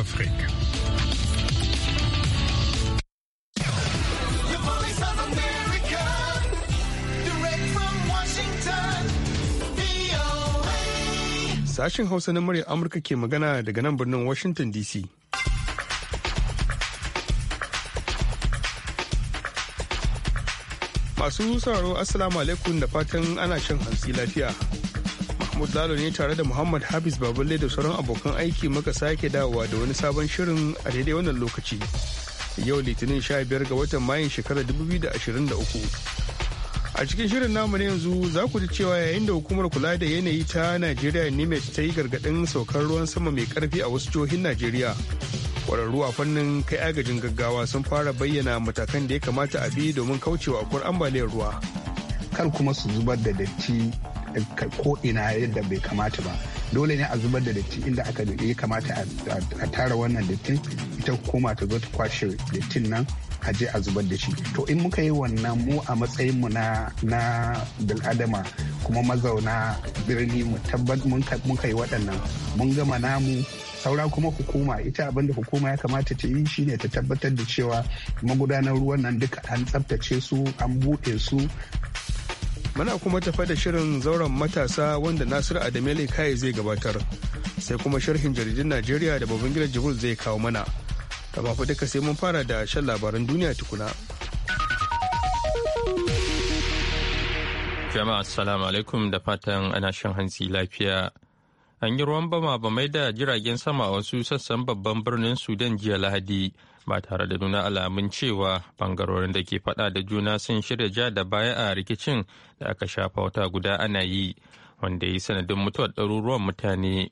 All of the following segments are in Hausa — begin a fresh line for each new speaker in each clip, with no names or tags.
Afrique. Sashen Hausa na murya Amurka ke magana daga nan birnin Washington DC. Masu sauraro Assalamu alaikum da fatan ana shan hansi lafiya. Mahmud Lalo ne tare da Muhammad Hafiz Baballe da sauran abokan aiki muka sake dawowa da wani sabon shirin a daidai wannan lokaci. Yau Litinin 15 ga watan Mayun shekarar 2023. A cikin shirin namu na yanzu za ku ji cewa yayin da hukumar kula da yanayi ta Najeriya NIMET ta yi gargaɗin saukar ruwan sama mai karfi a wasu jihohin Najeriya. kwararru a fannin kai agajin gaggawa sun fara bayyana matakan da ya kamata a bi domin kaucewa akwai ambaliyar ruwa.
Kar kuma su zubar da datti ko'ina yadda bai kamata ba dole ne a zubar da datti inda aka ya kamata a tara wannan dattin ita hukuma ta zo ta kwashe dattin nan a je a zubar da shi to in muka yi wannan mu a matsayin mu na na bil'adama kuma mazauna birni mu tabbat mun kai waɗannan mun gama namu saura kuma hukuma ita abinda hukuma ya kamata ta yi shine ta tabbatar da cewa magudanar ruwan nan duka an tsabtace su an buɗe su
Muna kuma tafa da shirin zauren matasa wanda Nasir Adamele kai zai gabatar. Sai kuma sharhin jaridun Najeriya da babban gidan Jibril zai kawo mana. Kama fa duka sai mun fara da shan labaran duniya tukuna.
Jama'a assalamu alaikum da fatan ana shan hantsi lafiya. An yi ruwan bama mai da jiragen sama wasu sassan babban birnin Sudan jiya Lahadi. ba tare da nuna alamun cewa bangarorin da ke fada da juna sun shirya ja da baya a rikicin da aka shafa wata guda ana yi wanda ya yi sanadin mutuwar ɗaruruwan mutane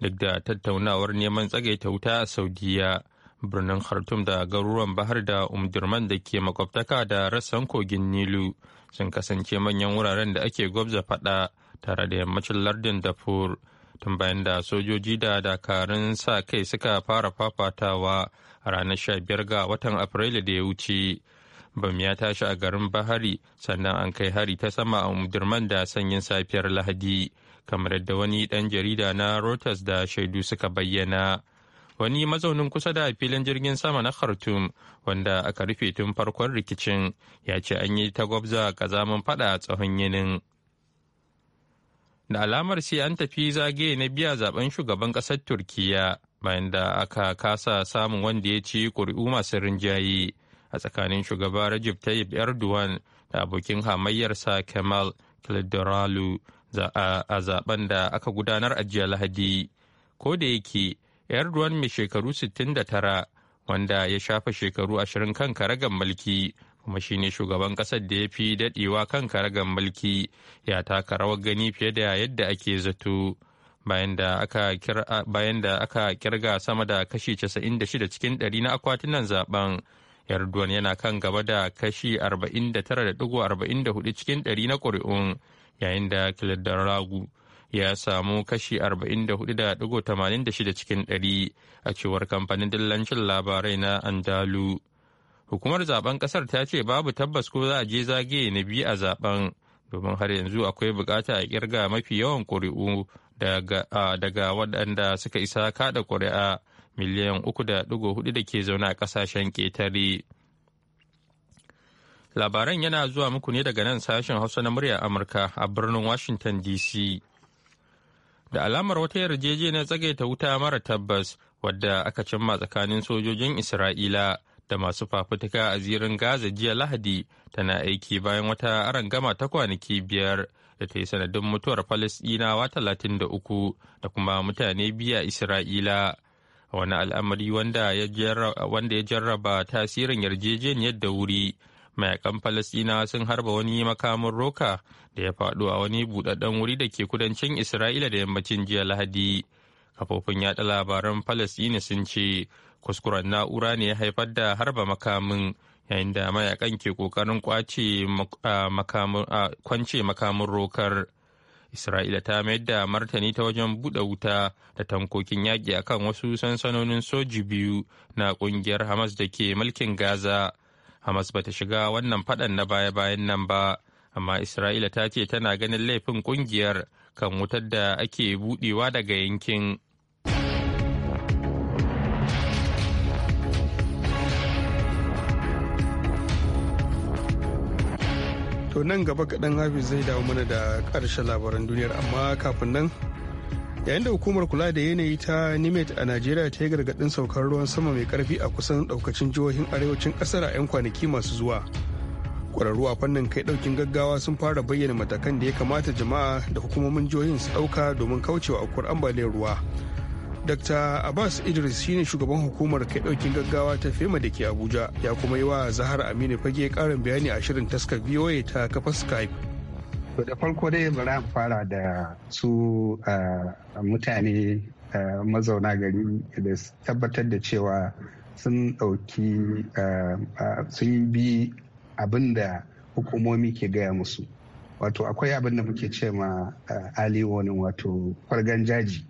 duk da tattaunawar neman tsagaita wuta a saudiya birnin khartoum da garuruwan bahar da umdurman da ke makwabtaka da rassan kogin nilu sun kasance manyan wuraren da ake gwabza fada tare da yammacin lardin dafur tun bayan da sojoji da dakarun sa kai suka fara fafatawa a ranar 15 ga watan Afrilu da ya wuce. Bam ya tashi a garin Bahari sannan an kai hari ta sama a mudurman da sanyin safiyar Lahadi, kamar yadda wani ɗan jarida na Reuters da shaidu suka bayyana. Wani mazaunin kusa da filin jirgin sama na Khartoum wanda aka rufe tun farkon rikicin ya ce an yi ta gwabza kazaman fada tsohon yinin. Da alamar sai an tafi zagaye na biya zaben shugaban ƙasar Turkiyya. bayan da aka kasa samun wanda ya ci ƙuri'u masu rinjaye a tsakanin shugaba Rajib Tayyip Erdogan da abokin hamayyarsa Kemal Kılıçdaroğlu a zaben da aka gudanar a jiya Lahadi. Ko da yake Erdogan mai shekaru 69 wanda ya shafa shekaru 20 kan karagan mulki kuma shine shugaban kasar da ya fi dadewa kan karagan mulki ya taka rawar gani fiye da yadda ake zato. bayan da aka kirga sama da kashi 96 cikin 100 na akwatunan zaben yarduwan yana kan gaba da kashi 49.44 cikin 100 na ƙuri'un yayin da ragu ya samu kashi 44.86 cikin 100 a cewar kamfanin dillancin labarai na andalu hukumar zaben kasar ta ce babu tabbas ko za a je zagaye na biyu a zaben domin har yanzu akwai bukata a kirga mafi yawan ƙuri'u daga waɗanda suka isa kaɗa ƙuri'a miliyan 3.4 da ke zaune a ƙasashen ƙetare. Labaran yana zuwa muku ne daga nan sashen Hausa na murya Amurka a birnin Washington DC. Da alamar wata yarjejeniyar tsagaita wuta mara tabbas wadda aka cimma tsakanin sojojin Isra'ila da masu fafutuka a zirin Gaza jiya Lahadi tana aiki bayan wata gama ta kwanaki biyar da ta yi sanadin mutuwar Falasɗinawa talatin da uku da kuma mutane biya Isra'ila. Wani al'amari wanda ya jarraba tasirin yarjejeniyar da wuri, mayakan Falasɗinawa sun harba wani makamin roka da ya faɗo a wani buɗaɗɗen wuri da ke kudancin Isra'ila da yammacin jiya Lahadi. Kafofin yaɗa labaran Falasɗina sun ce kuskuren na'ura ne ya haifar da harba makamin. yayin da mayakan ke kokarin kwace kwance makamin rokar isra'ila ta mayar da martani ta wajen buɗe wuta da tankokin yaƙi a kan wasu sansanonin soji biyu na ƙungiyar hamas da ke mulkin gaza hamas bata shiga wannan faɗan na baya-bayan nan ba amma isra'ila ta ce tana ganin laifin ƙungiyar kan wutar da ake buɗewa daga yankin
to nan gaba kaɗan hafi zai dawo mana da ƙarshen labaran duniyar amma kafin nan yayin da hukumar kula da yanayi ta nimet a najeriya ta yi gargaɗin saukar ruwan sama mai karfi a kusan ɗaukacin jihohin arewacin ƙasar a 'yan kwanaki masu zuwa ƙwararru a fannin kai ɗaukin gaggawa sun fara bayyana matakan da ya kamata jama'a da hukumomin jihohin su ɗauka domin kaucewa aukuwar ambaliyar ruwa dr abbas idris shine shugaban hukumar kai daukin gaggawa ta fema da ke abuja ya kuma yi wa zahar aminu fage karin bayani a shirin taskar voa ta kafa skype
to da farko dai bari fara da su mutane mazauna gari da tabbatar da cewa sun dauki sun bi abin da hukumomi ke gaya musu wato akwai abin da muke ce ma ali wani wato kwargan jaji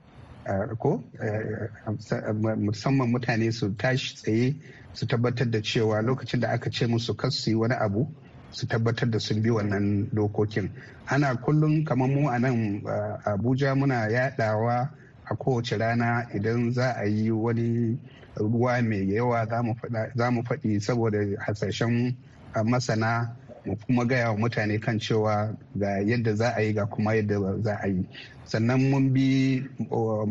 ko eh, eh, musamman mutane su tashi tsaye su tabbatar da cewa lokacin da aka ce musu kar wani abu su tabbatar da sun bi wannan dokokin ana kullum kamar mu a nan eh, abuja muna yadawa a kowace rana idan za a yi wani ruwa mai yawa za mu faɗi saboda hasashen masana mu kuma gaya wa mutane kan cewa ga yadda za a yi ga kuma yadda za a yi sannan mun bi uh,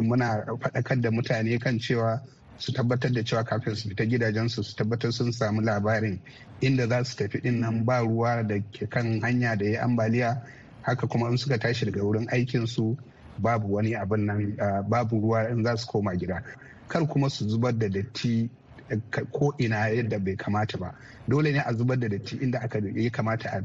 muna faɗakar da mutane kan cewa su tabbatar da cewa kafin su fita gidajensu su tabbatar sun samu labarin inda za su tafi din nan ba ruwa da ke kan hanya da ya ambaliya haka kuma in suka tashi daga wurin aikinsu babu wani abin nan uh, babu ruwa in za su koma gida kar kuma su zubar da datti ko ina yadda bai kamata ba dole ne a zubar da datti inda aka ya kamata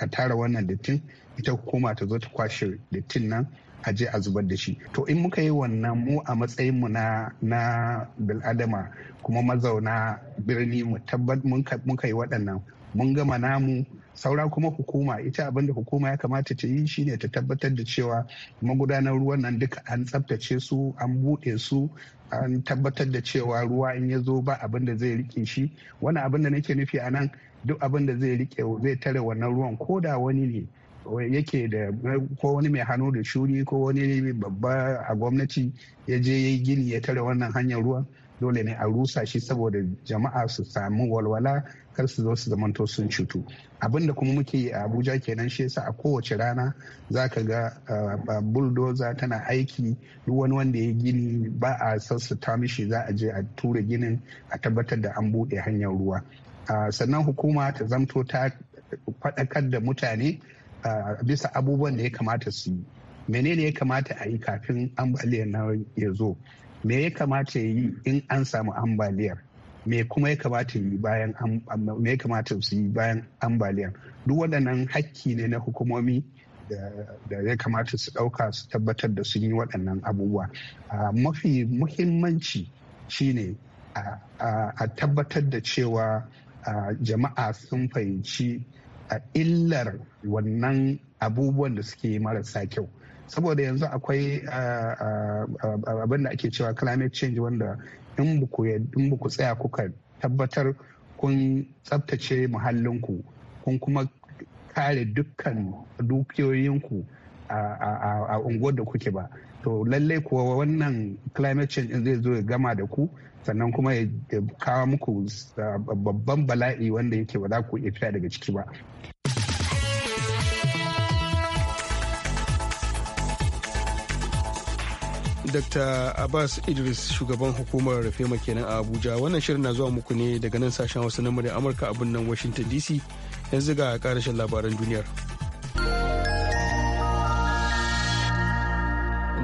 a tara wannan dattin ita hukuma ta zo ta kwashe dattin nan a je a zubar da shi to in muka yi wannan mu a matsayin mu na na bil'adama kuma mazauna birni mu tabbat mun yi waɗannan mun gama namu saura kuma hukuma ita abin da hukuma ya kamata ta yi shine ta tabbatar da cewa magudanar ruwan nan duka an tsabtace su an buɗe su an tabbatar da cewa ruwa in ya zo ba abin da zai rike shi wani abin da nake nufi a nan duk abin da zai rike zai tare wannan ruwan ko da wani ne yake da ko wani mai hannu da shuri ko wani babba a gwamnati ya je ya gini ya tare wannan hanyar ruwan dole ne a rusa shi saboda jama'a su samu walwala kar su zo su zamanto sun cutu abinda kuma muke yi a abuja kenan shi yasa a kowace rana za ka ga ah, buldoza tana aiki duk wani wanda ya gini ba a sassata mishi za a je a tura ginin a tabbatar da an buɗe hanyar ruwa ah, sannan hukuma ta zamto ta faɗakar da mutane ah, bisa abubuwan da ya kamata su yi menene ya kamata a yi kafin ambaliyar na ya zo me ya kamata yi in an samu ambaliyar me kuma ya kamata yi bayan me ya kamata su yi bayan ambaliyar duk waɗannan hakki ne na hukumomi da ya kamata su ɗauka su tabbatar da sun yi waɗannan abubuwa mafi muhimmanci shine a tabbatar da cewa jama'a sun fahimci illar wannan abubuwan da suke marasa kyau saboda yanzu akwai abin da ake cewa climate change wanda in ba ku tsaya kuka tabbatar kun tsabtace muhallinku kun kuma kare dukkan dukiyoyinku a unguwar da kuke ba to lallai kuwa wannan climate change zai zo ya gama da ku sannan kuma ya kawo muku babban bala'i wanda yake ba za ku iya fita daga ciki ba Dr. Abbas Idris
shugaban hukumar rafema kenan a Abuja wannan shirin na zuwa muku ne daga nan sashen wasu na murya Amurka a birnin Washington DC yanzu ga karashin labaran duniyar.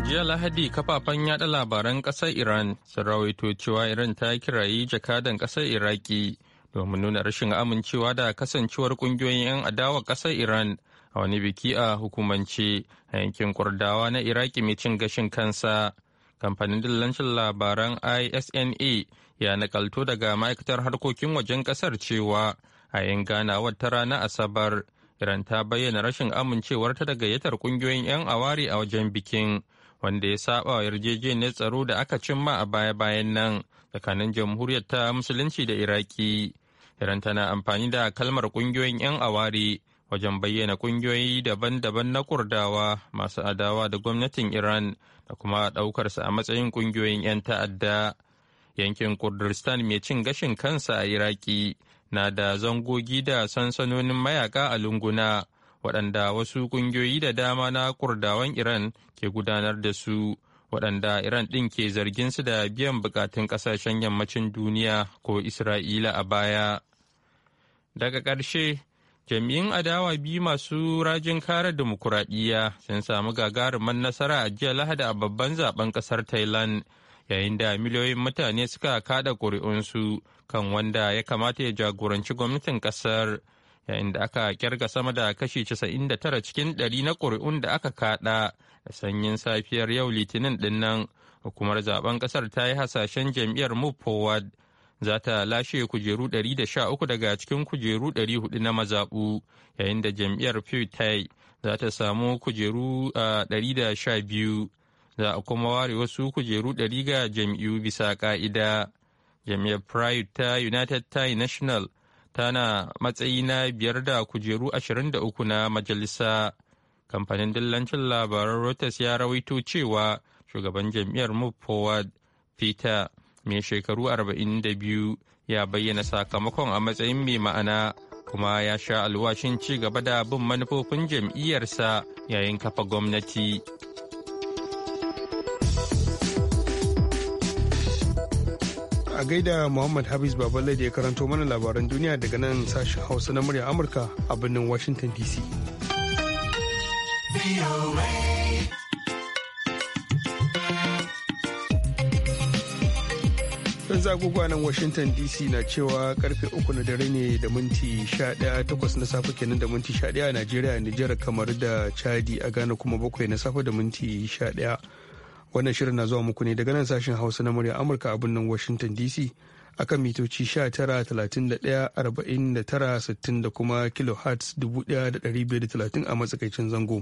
jiya lahadi kafafen yada labaran kasar iran sun rawaito cewa iran ta kirayi jakadan kasar iraki domin nuna rashin amincewa da kasancewar kungiyoyin 'yan adawa ƙasar iran a wani biki a hukumance a yankin kurdawa na iraki mai cin gashin kansa kamfanin dillancin labaran isna ya nakalto daga ma'aikatar harkokin wajen ƙasar cewa a yin ganawar ta rana asabar iran ta bayyana rashin amincewar ta da gayyatar kungiyoyin 'yan awari a wajen bikin wanda ya saba wa yarjejeniyar tsaro da aka cimma a baya-bayan nan tsakanin jamhuriyar ta musulunci da iraki Iran tana amfani da kalmar ƙungiyoyin 'yan aware wajen bayyana ƙungiyoyi daban-daban na Kurdawa masu adawa da gwamnatin Iran da kuma ɗaukarsa a matsayin ƙungiyoyin 'yan ta'adda. Yankin Kurdistan mai cin gashin kansa a Iraki na da zangogi da sansanonin mayaka a lunguna waɗanda wasu ƙungiyoyi da dama na Kurdawan Iran ke gudanar da su. waɗanda Iran ɗin ke zargin su da biyan bukatun ƙasashen yammacin duniya ko Isra'ila a baya. Daga ƙarshe, jami'in adawa biyu masu rajin kare dimokuraɗiyya sun samu gagarumar nasara a jiya lahadi a babban zaben ƙasar Thailand, yayin da miliyoyin mutane suka kada ƙuri'unsu kan wanda ya kamata ya jagoranci gwamnatin ƙasar. yayin da aka kyarga sama da kashi 99 cikin 100 na ƙuri'un da aka kada da sanyin safiyar yau litinin dinnan hukumar zaben kasar ta yi hasashen jam'iyyar move forward za ta lashe kujeru 113 daga cikin kujeru 400 na mazaɓu yayin da jam'iyyar putai za ta samu kujeru 112 za a kuma ware wasu kujeru 100 ga jam'iyyu bisa ka'ida jam'iyyar pride ta united thai national tana matsayi na biyar da kujeru ashirin da 23 na majalisa. Kamfanin dillancin labaran Reuters ya rawaito cewa shugaban jam'iyyar Move Forward Peter mai shekaru 42 ya bayyana sakamakon a matsayin mai ma'ana kuma ya sha alwashin ci gaba da bin manufofin jam'iyyarsa yayin kafa gwamnati.
a gaida Muhammad habis Baballe da ya karanto mana labaran duniya daga nan sashin Hausa na murya Amurka a birnin Washington DC. Yan zagugu nan Washington DC na cewa karfe uku na dare ne da minti 11 takwas na safe kenan da minti sha ɗaya a Najeriya, Nijar, kamar da Chadi a Ghana kuma bakwai na safe da minti 11. wannan shirin na zuwa muku ne daga nan sashen hausa na murya amurka a birnin washington dc akan mitoci 19,31,49,60 da kuma kilohertz 1,530 a matsakaicin zango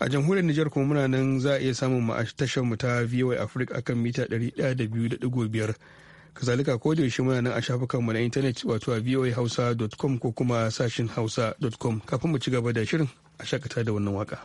a jamhuriyar nijar kuma muna nan za a iya samun mu tashar mu ta voa africa akan mita 102.5 kazalika ko da yaushe muna nan a shafukan mu na intanet wato a voahausa.com ko kuma sashin hausa.com kafin mu ci gaba da shirin a shakata da wannan waka.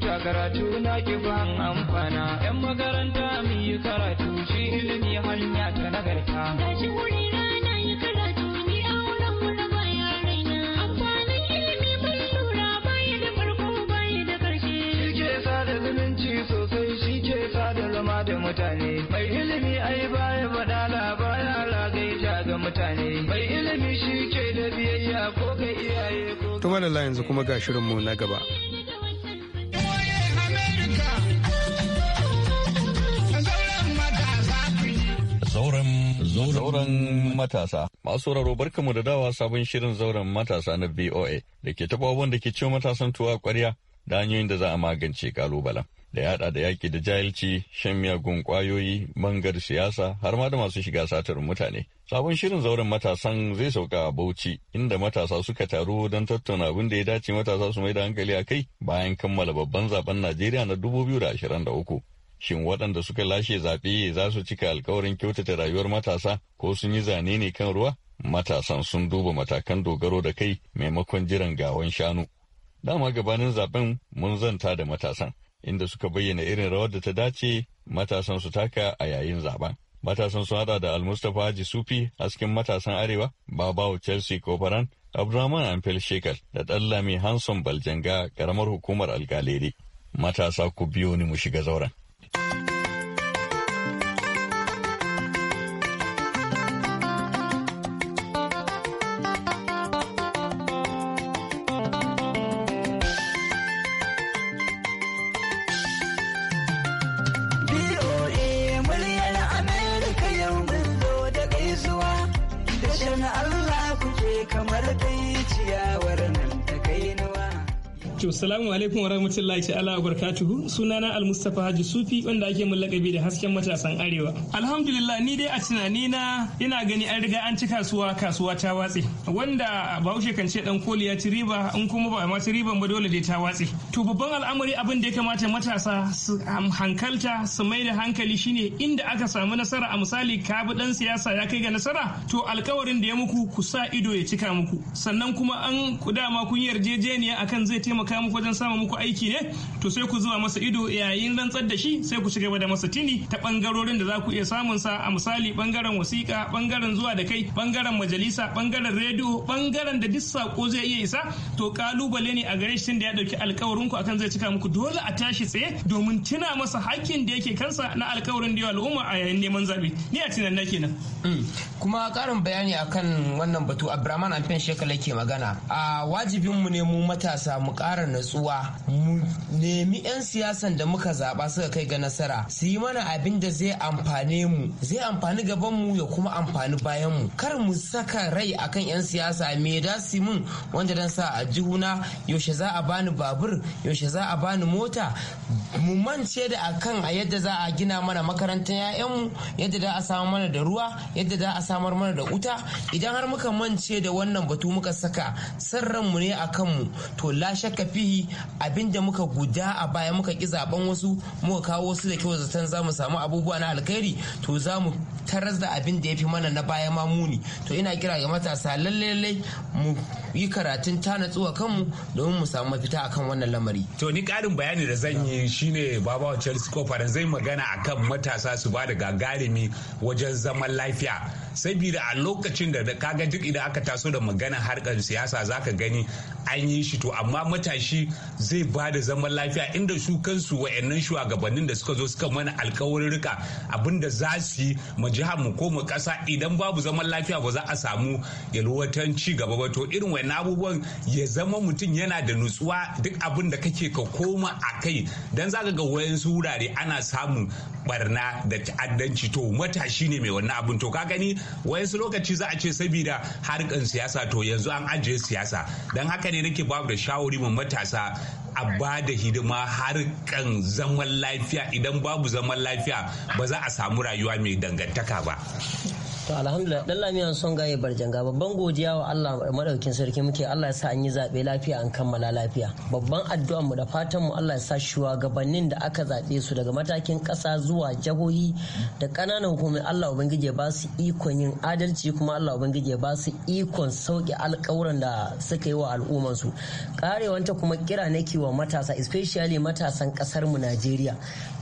tuta karatu na ban amfana yan makaranta mu yi karatu shi ilimi hanya ta nagarta gashi wuri rana yi karatu ni a wurin wurin baya raina amfanin ilimi mun lura baya da farko baya da karshe shi sada zumunci sosai shi sada zama da mutane mai ilimi ai baya badala baya ragaita ga mutane mai ilimi shi ke da biyayya ko ga iyaye
ko ga yanzu kuma ga shirinmu na gaba
Zauren matasa. Masu sauraro barkamu da dawa sabon shirin zauren matasa na VOA da ke taɓa da ke ciwo matasan tuwa kwarya da hanyoyin da za a magance kalubalen. Da yada da yaƙi da jahilci, shan miyagun ƙwayoyi, bangar siyasa, har ma da masu shiga satar mutane. Sabon shirin zauren matasan zai sauka a Bauchi, inda matasa suka taru don tattauna abin da ya dace matasa su mai da hankali a kai bayan kammala babban zaben Najeriya na 2023. Shin waɗanda suka lashe zaɓe za su cika alkawarin kyautata rayuwar matasa ko sun yi zane ne kan ruwa? Matasan sun duba matakan dogaro da kai maimakon jiran gawan shanu. Dama gabanin zaben mun zanta da matasan, inda suka bayyana irin rawar da ta dace matasan su taka a yayin zaben. Matasan sun hada da Almustapha Haji Sufi hasken matasan Arewa, Babawo Chelsea Kofaran, Abdurrahman Amfel Shekar da lami Hanson Baljanga karamar hukumar alkalere. Matasa ku biyo ni mu shiga zauren.
na Allah kuje kamar dai ciyawar nan ta kai nawa.
wato salamu alaikum wa rahmatullahi ta'ala wa barakatuhu sunana Al-Mustafa Haji Sufi wanda ake mun lakabi da hasken matasan Arewa. Alhamdulillah ni dai a tunani na ina gani an riga an ci kasuwa kasuwa ta watse wanda Bahaushe kan ce dan koli ya ci riba in kuma ba ma ci riban ba dole dai ta watse. To babban al'amari abin da ya kamata matasa su um, hankalta su mai da hankali shine inda aka samu nasara a misali ka bi dan siyasa ya kai ga nasara to alkawarin da ya muku ku sa ido ya cika muku sannan kuma an dama kun yarjejeniya akan zai taimaka taimaka muku wajen samun muku aiki ne to sai ku zuba masa ido yayin rantsar da shi sai ku cigaba da masa tini ta bangarorin da za ku iya samun sa a misali bangaren wasiƙa bangaren zuwa da kai bangaren majalisa bangaren rediyo bangaren da duk sako zai iya isa to kalubale ne a gare shi da ya dauki alkawarin ku akan zai cika muku dole a tashi tsaye domin tuna masa hakkin da yake kansa na alkawarin da ya al'umma a yayin neman zabe ni a tunan na kenan mm. kuma karin bayani akan wannan batu Abdurrahman Alfen Shekala ke magana a wajibin mu ne mu matasa mu kara fara natsuwa mu nemi 'yan siyasan da muka zaɓa suka kai ga nasara su yi mana abin da zai amfane mu zai amfani gaban mu ya kuma amfani bayan mu kar mu saka rai akan 'yan siyasa me da su mun wanda dan sa a juna yaushe za a bani babur yaushe za a bani mota mu mance da akan a yadda za a gina mana makarantar 'ya'yanmu yadda za a samar mana da ruwa yadda za a samar mana da wuta idan har muka mance da wannan batu muka saka san ranmu ne a kanmu to la shakka fihi abinda muka guda a baya muka ki zaben wasu muka kawo wasu da kyau zaton za mu samu abubuwa na alkhairi to za mu taras da abin da ya fi mana na baya ma muni to ina kira ga matasa lalle lalle mu yi karatun ta natsuwa kanmu domin mu samu mafita akan wannan lamari
to ni karin bayani da zan yi shine babawa Chelsea faran zai magana akan matasa su ba da gagarumi wajen zaman lafiya saboda a lokacin da kaga duk idan aka taso da magana harkar siyasa zaka gani an yi shi to amma matashi zai ba da zaman lafiya inda su kansu wayannan shugabannin da suka zo suka mana rika abinda za su yi mu jiha mu ko mu kasa idan babu zaman lafiya ba za a samu yalwatan ci gaba ba to irin wayannan abubuwan ya zama mutum yana da nutsuwa duk abin da kake ka koma a kai dan zaka ga wayansu wurare ana samu. barna da ta'addanci to matashi ne mai wannan abin to ka gani wayansu lokaci za a ce saboda harkan siyasa to yanzu an ajiye siyasa don haka ne nake babu da shawari mun matasa a ba da hidima har kan zaman lafiya idan babu zaman lafiya ba za a samu rayuwa mai dangantaka ba
to alhamdulillah dan lamiyan son gaye barjanga babban godiya wa Allah madaukin sarki muke Allah ya sa an yi zabe lafiya an kammala lafiya babban addu'a mu da fatan mu Allah ya sa shugabannin da aka zabe su daga matakin kasa zuwa jahohi da kananan hukumai Allah ubangije ba su ikon yin adalci kuma Allah ubangije ba su ikon sauke alƙawuran da suka yi wa al'umman su karewanta kuma kira nake wa matasa especially matasan kasar mu Najeriya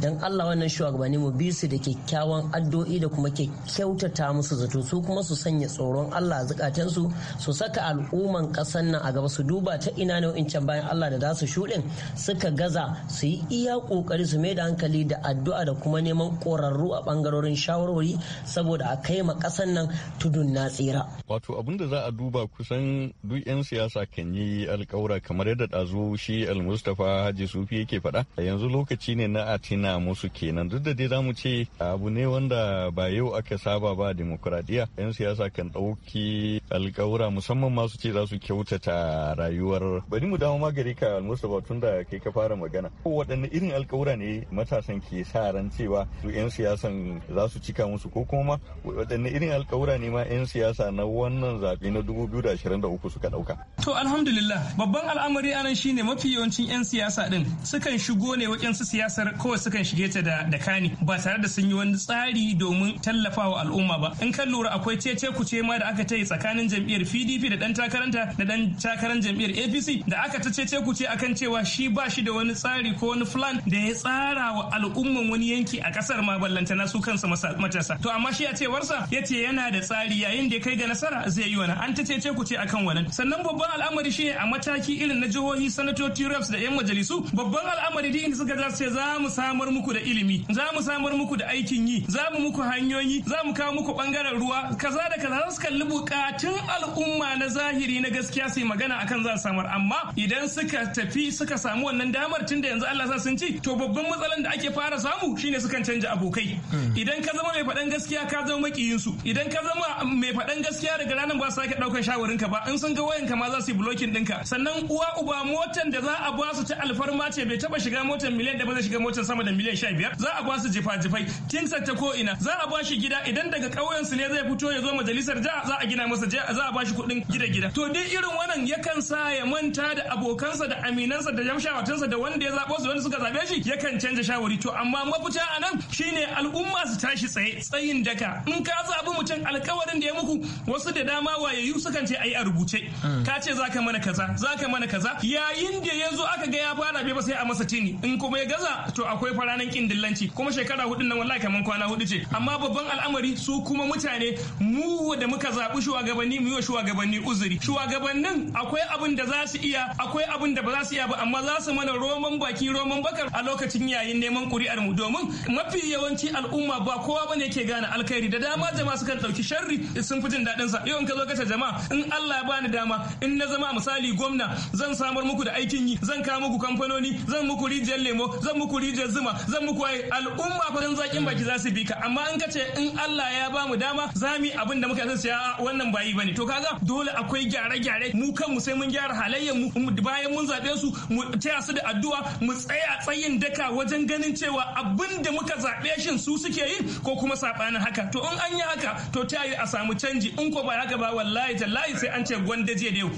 dan Allah wannan shugabanni mu bi su da kyakkyawan addu'o'i da kuma kyautata musu zato su kuma su sanya tsoron Allah zukatan su su saka al'umman kasar nan a gaba su duba ta ina ne can bayan Allah da za su shuɗin suka gaza su yi iya kokari su mai da hankali da addu'a da kuma neman ƙorarru a bangarorin shawarwari saboda a kai ma kasar nan tudun
na tsira
wato abin da za a duba kusan duk 'yan siyasa kan yi alkawura kamar yadda ɗazu shi almu Mustapha Haji Sufi yake faɗa a yanzu lokaci ne na a tina musu kenan duk da dai zamu ce abu ne wanda ba yau aka saba ba demokuraɗiyya 'yan siyasa kan ɗauki alkawura musamman masu ce za su kyautata rayuwar bari mu dawo magari ka Mustapha tun da kai ka fara magana ko waɗanne irin alkawura ne matasan ke sa ran cewa su 'yan siyasan za su cika musu ko kuma waɗanne irin alkawura ne ma 'yan siyasa na wannan zaɓe na 2023 suka ɗauka.
To alhamdulillah babban al'amari anan shine mafi yawanci. cikin 'yan siyasa din sukan shigo ne wayansu siyasar kawai sukan shige ta da kani ba tare da sun yi wani tsari domin tallafawa al'umma ba in kan lura akwai cece kuce ma da aka ta yi tsakanin jam'iyyar pdp da dan takaranta da dan takarar jam'iyyar apc da aka ta cece ce akan cewa shi ba shi da wani tsari ko wani plan da ya tsara wa al'umman wani yanki a kasar ma na su kansa matasa to amma shi a cewarsa ya ce yana da tsari yayin da ya kai ga nasara zai yi wani an ta cece ce akan wannan sannan babban al'amari shi a mataki irin na jihohi sanatoci reps da yan majalisu babban al'amari din inda suka ce za mu samar muku da ilimi za mu samar muku da aikin yi za mu muku hanyoyi za mu kawo muku bangaren ruwa kaza da kaza su kalli bukatun al'umma na zahiri na gaskiya su magana akan za samar amma idan suka tafi suka samu wannan damar tun da yanzu Allah sa sun ci to babban matsalan da ake fara samu shine sukan canja abokai hmm. idan ka zama mai faɗan gaskiya ka zama makiyin su idan ka zama mai faɗan gaskiya daga ranar ba sake ɗaukar shawarin ka ba in sun ga wayanka ma za su yi blocking ɗinka sannan uwa uba motan da za a a su ta alfarma ce bai taba shiga motar miliyan da ba zai shiga motar sama da miliyan sha biyar za a ba su jifa-jifai tinsa ta ko ina za a ba shi gida idan daga ƙauyen su ne zai fito ya zo majalisar jiha za a gina masa jiha za a ba shi kuɗin gida-gida to duk irin wannan yakan sa ya manta da abokansa da aminansa da jamshawatinsa da wanda ya zaɓo su wanda suka zaɓe shi yakan canza shawari to amma mafita a nan shine al'umma su tashi tsaye tsayin daka in ka zaɓi mutum alkawarin da ya muku wasu da dama wayayu sukan ce ayi a rubuce hmm. ka ce ka mana kaza zaka mana kaza yayin da ya zo aka ga ya fara bai ba sai a masa tini in kuma ya gaza to akwai faranan kin dillanci kuma shekara hudun nan wallahi kaman kwana hudu ce amma babban al'amari su kuma mutane mu da muka zaɓi shugabanni mu yi wa shugabanni uzuri shugabannin akwai abin da za su iya akwai abin da ba za su iya ba amma za su mana roman baki roman bakar a lokacin yayin neman kuri'ar mu domin mafi yawanci al'umma ba kowa bane ke gane alkhairi da dama jama'a sukan dauki sharri sun fi jin daɗin sa yau in ka zo kace jama'a in Allah ya bani dama in na zama misali gwamna zan samar muku da aikin yi zan kawo muku kamfanoni zan muku rijiyar lemo zan muku rijiyar zuma zan muku waye al'umma fa zakin baki za su bi ka amma in ka ce in Allah ya ba mu dama za mu abin da muka san wannan bayi bane to kaga dole akwai gyare-gyare mu kan mu sai mun gyara halayyar mu bayan mun zabe su mu taya su da addu'a mu tsaya tsayin daka wajen ganin cewa abin da muka zabe shi su suke yi ko kuma sabanin haka to in an yi haka to ta yi a samu canji in ko ba haka ba wallahi tallahi sai an ce gwanda je da yau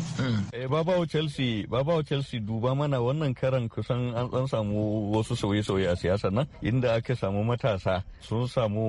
eh, babawo chelsea babawo chelsea duba ma mana wannan karan kusan an dan samu wasu sauye-sauye a siyasar nan inda aka samu matasa sun samu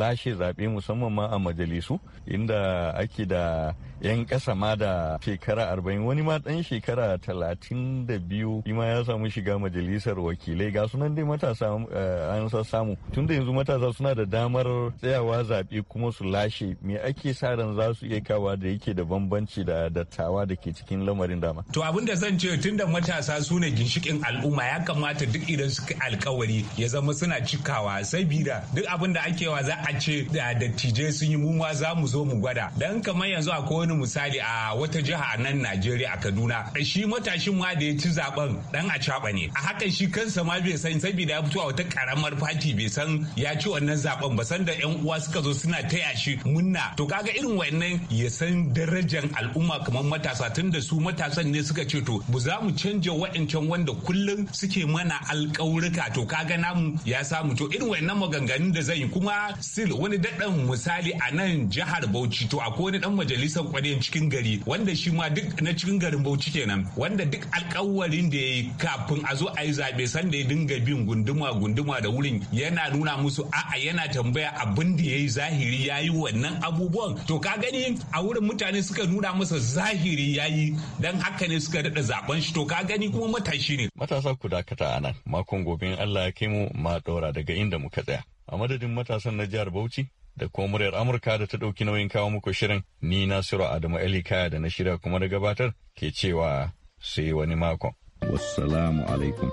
lashe zaɓe musamman ma a majalisu inda ake da 'yan ƙasa ma da shekara arba'in wani ma ɗan shekara talatin da biyu ima ya samu shiga majalisar wakilai ga sunan dai matasa eh, an samu tun da yanzu matasa suna da damar tsayawa zaɓe kuma su lashe me ake sa ran za su iya kawa da yake da bambanci da dattawa da ke cikin lamarin dama.
to abin da zan ce tun da mata matasa su ne ginshikin al'umma ya kamata duk idan suka alkawari ya zama suna cikawa sabida duk abin da ake wa za a ce da dattijai sun yi muma za mu zo mu gwada dan kamar yanzu akwai wani misali a wata jiha a nan Najeriya a Kaduna shi matashin ma da ya ci zaben dan a caba ne a hakan shi kansa ma bai san sabida ya fito a wata karamar fati bai san ya ci wannan zaben ba san da yan uwa suka zo suna taya shi munna to kaga irin wannan ya san darajar al'umma kamar matasa tunda su matasan ne suka ce to bu za mu canja canja waɗancan wanda kullum suke mana alƙaurika to kaga namu ya samu to irin wannan maganganun da zan yi kuma sil wani daɗan misali a nan jihar Bauchi to akwai wani dan majalisar kwarin cikin gari wanda shi ma duk na cikin garin Bauchi kenan wanda duk alƙawarin da yayi kafin a zo a yi zaɓe sanda ya dinga bin gunduma gunduma da wurin yana nuna musu a'a yana tambaya abin da yayi zahiri yayi wannan abubuwan to ka gani a wurin mutane suka nuna masa zahiri yayi dan haka ne suka daɗa zaɓen shi to
ka gani gani kuma matashi ne. Matasa ku dakata a nan makon gobe Allah ya kai mu ma ɗora daga inda muka tsaya. A madadin matasan na jihar Bauchi da kuma muryar Amurka da ta ɗauki nauyin kawo muku shirin ni Nasiru Adamu Ali Kaya da na shirya kuma da gabatar ke cewa sai wani mako. Wassalamu alaikum.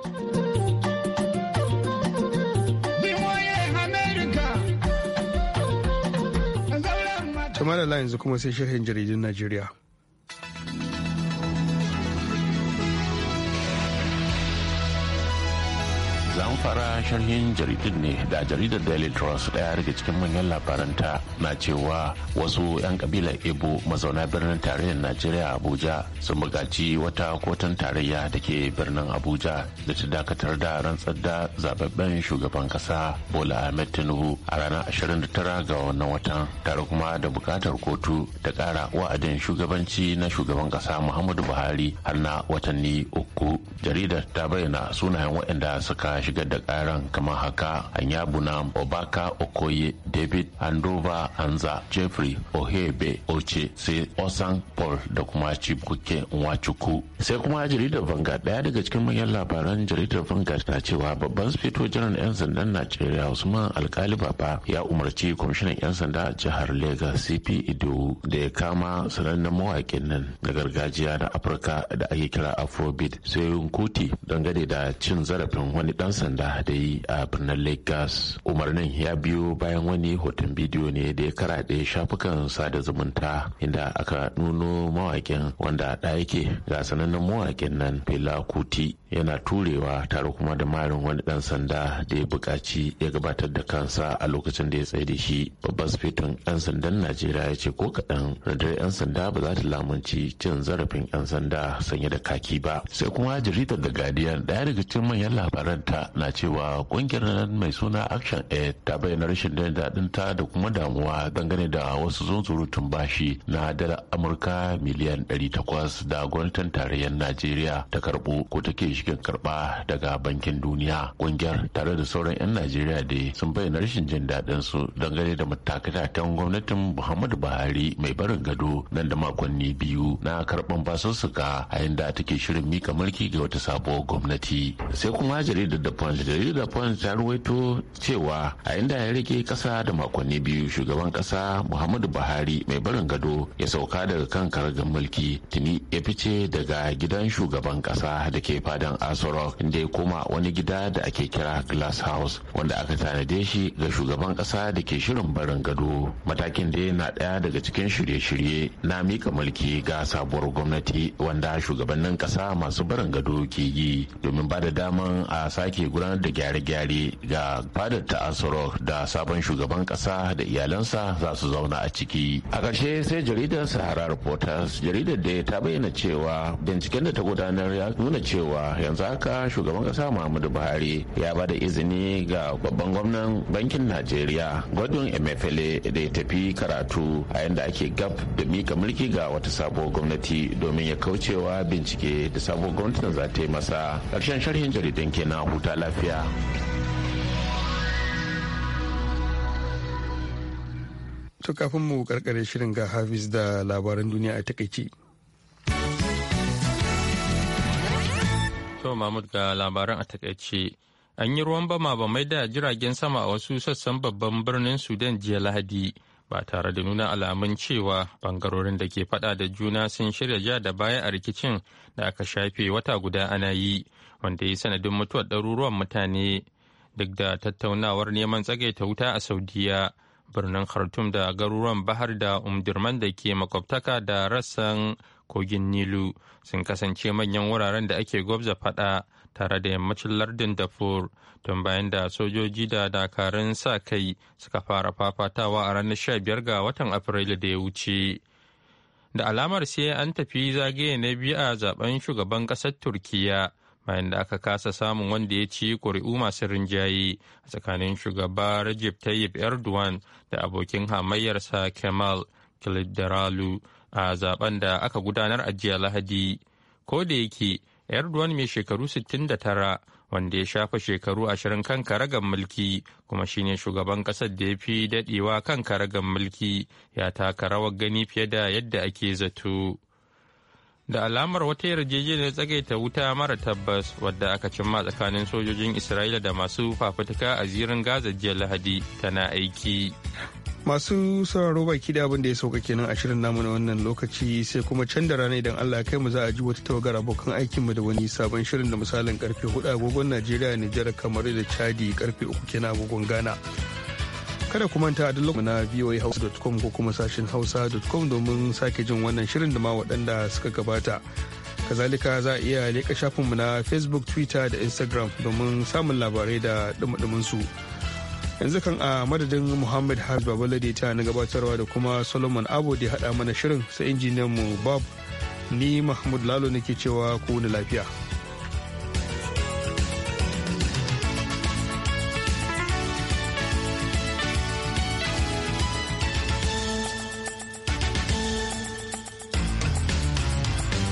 Kamar da
yanzu kuma sai shirin jaridun Najeriya.
an fara sharhin jaridun ne da jaridar daily trust daya daga cikin manyan labaranta na cewa wasu 'yan kabilar ebo mazauna birnin tarayyar najeriya abuja sun buƙaci wata kotun tarayya da ke birnin abuja da ta dakatar da rantsar da zababben shugaban kasa bola ahmed tinubu a ranar 29 ga wannan watan tare kuma da bukatar kotu ta kara wa'adin shugabanci na shugaban kasa muhammadu buhari har na watanni uku jaridar ta bayyana sunayen waɗanda suka shiga shigar da karan kamar haka anyabuna obaka okoye david andova anza jeffrey ohebe oce sai osan paul da kuma chibuke nwachukwu sai kuma jaridar banga. daya daga cikin manyan labaran jaridar banga na cewa babban sufeto janar yan sandan najeriya usman alkali baba ya umarci kwamishinan yan sanda a jihar lagos cp ido da ya kama sanannen mawaƙin nan na gargajiya na afirka da ake kira afrobeat sai kuti dangane da cin zarafin wani dan sanda sanda da yi a birnin lagos umarnin ya biyo bayan wani hoton bidiyo ne da ya karaɗe shafukan sada zumunta inda aka nuno mawakin wanda da yake ga sanannen mawakin nan fela kuti yana turewa tare kuma da marin wani dan sanda da ya buƙaci ya gabatar da kansa a lokacin da ya tsaye da shi babban sufetin 'yan sandan najeriya ya ce ko kaɗan rundunar 'yan sanda ba za ta lamunci cin zarafin 'yan sanda sanye da kaki ba sai kuma jaridar da gadiyan ɗaya daga cikin manyan labaranta na cewa kungiyar na mai suna action a ta bayyana rashin daɗin ta da kuma damuwa dangane da wasu surutun bashi na dala amurka miliyan 800 da gwamnatin tarayyar najeriya ta karbo ko take shigen karba daga bankin duniya kungiyar tare da sauran 'yan najeriya da sun bayyana rashin jin daɗin su dangane da matakatakan gwamnatin muhammadu buhari mai barin gado nan da makonni biyu na karban basussuka a inda take shirin mika mulki ga wata sabuwar gwamnati sai kuma jaridar da wanda jaridar point ta ruwaito cewa a inda ya rike kasa da makonni biyu shugaban kasa muhammadu buhari mai barin gado ya sauka daga kan karagar mulki tuni ya fice daga gidan shugaban kasa da ke fadan asoro inda ya koma wani gida da ake kira glass house wanda aka tanade shi ga shugaban kasa da ke shirin barin gado matakin da na daya daga cikin shirye-shirye na mika mulki ga sabuwar gwamnati wanda shugabannin kasa masu barin gado ke yi domin ba da daman a sake gudanar da gyare-gyare ga fadar ta asaro da sabon shugaban kasa da iyalansa za su zauna a ciki a ƙarshe sai jaridar sahara reporters jaridar da ta bayyana cewa binciken da ta gudanar ya nuna cewa yanzu haka shugaban kasa muhammadu buhari ya ba da izini ga babban gwamnan bankin najeriya gwadon emefele da ya tafi karatu a yadda ake gab da mika mulki ga wata sabuwar gwamnati domin ya kaucewa bincike da sabuwar gwamnatin za ta yi masa ƙarshen sharhin jaridan kenan huta lafiya lafiya.
To kafin mu karkare shirin ga Hafiz da labaran duniya a takaici.
To Mahmud ga labaran a takaice. An yi ruwan bama ba mai da jiragen sama a wasu sassan babban birnin Sudan jiya Lahadi ba tare da nuna alamun cewa bangarorin da ke fada da juna sun shirya ja da baya a rikicin da aka shafe wata guda ana yi wanda ya sanadin mutuwar ɗaruruwan mutane duk da tattaunawar neman tsagaita wuta a saudiya birnin khartum da garuruwan bahar da umdurman da ke makwabtaka da rassan kogin nilu sun kasance manyan wuraren da ake gwabza fada tare da yammacin lardin dafur tun bayan da sojoji da dakarun sa kai suka fara fafatawa a ranar 15 ga watan afrilu da ya wuce da alamar sai an tafi zagaye na biyu a zaben shugaban ƙasar turkiyya. bayan da aka kasa samun wanda ya ci ƙuri'u masu rinjaye a tsakanin shugaba rajib Tayyip Erdogan da abokin hamayyarsa Kemal Kilidaralu a zaben da aka gudanar a jiya Lahadi. Ko da yake Erdogan mai shekaru 69 wanda ya shafa shekaru 20 kan karagan mulki kuma shine shugaban kasar da ya fi daɗewa kan karagan mulki ya taka rawar gani fiye da yadda ake zato. da alamar wata yarjejeniyar tsagaita wuta mara tabbas wadda aka cimma tsakanin sojojin isra'ila da masu fafutuka a zirin gaza jiya lahadi tana aiki
masu sauraro baki da abin da ya sauka kenan a shirin namu na wannan lokaci sai kuma can da rana idan allah kai mu za a ji wata tawagar abokan mu da wani sabon shirin da misalin karfe 4 agogon najeriya nijar kamar da chadi karfe 3 kenan agogon ghana kada ku manta a duk na voahouse.com ko kuma sashen hausa.com domin sake jin wannan shirin da ma waɗanda suka gabata kazalika za a iya leƙa shafinmu na facebook twitter da instagram domin samun labarai da ɗumɗuminsu. yanzu kan a madadin muhammad hajj babalade ta na gabatarwa da kuma solomon abu da haɗa mana shirin sai injiniyanmu bob ni mahmud lalo nake cewa ku lafiya.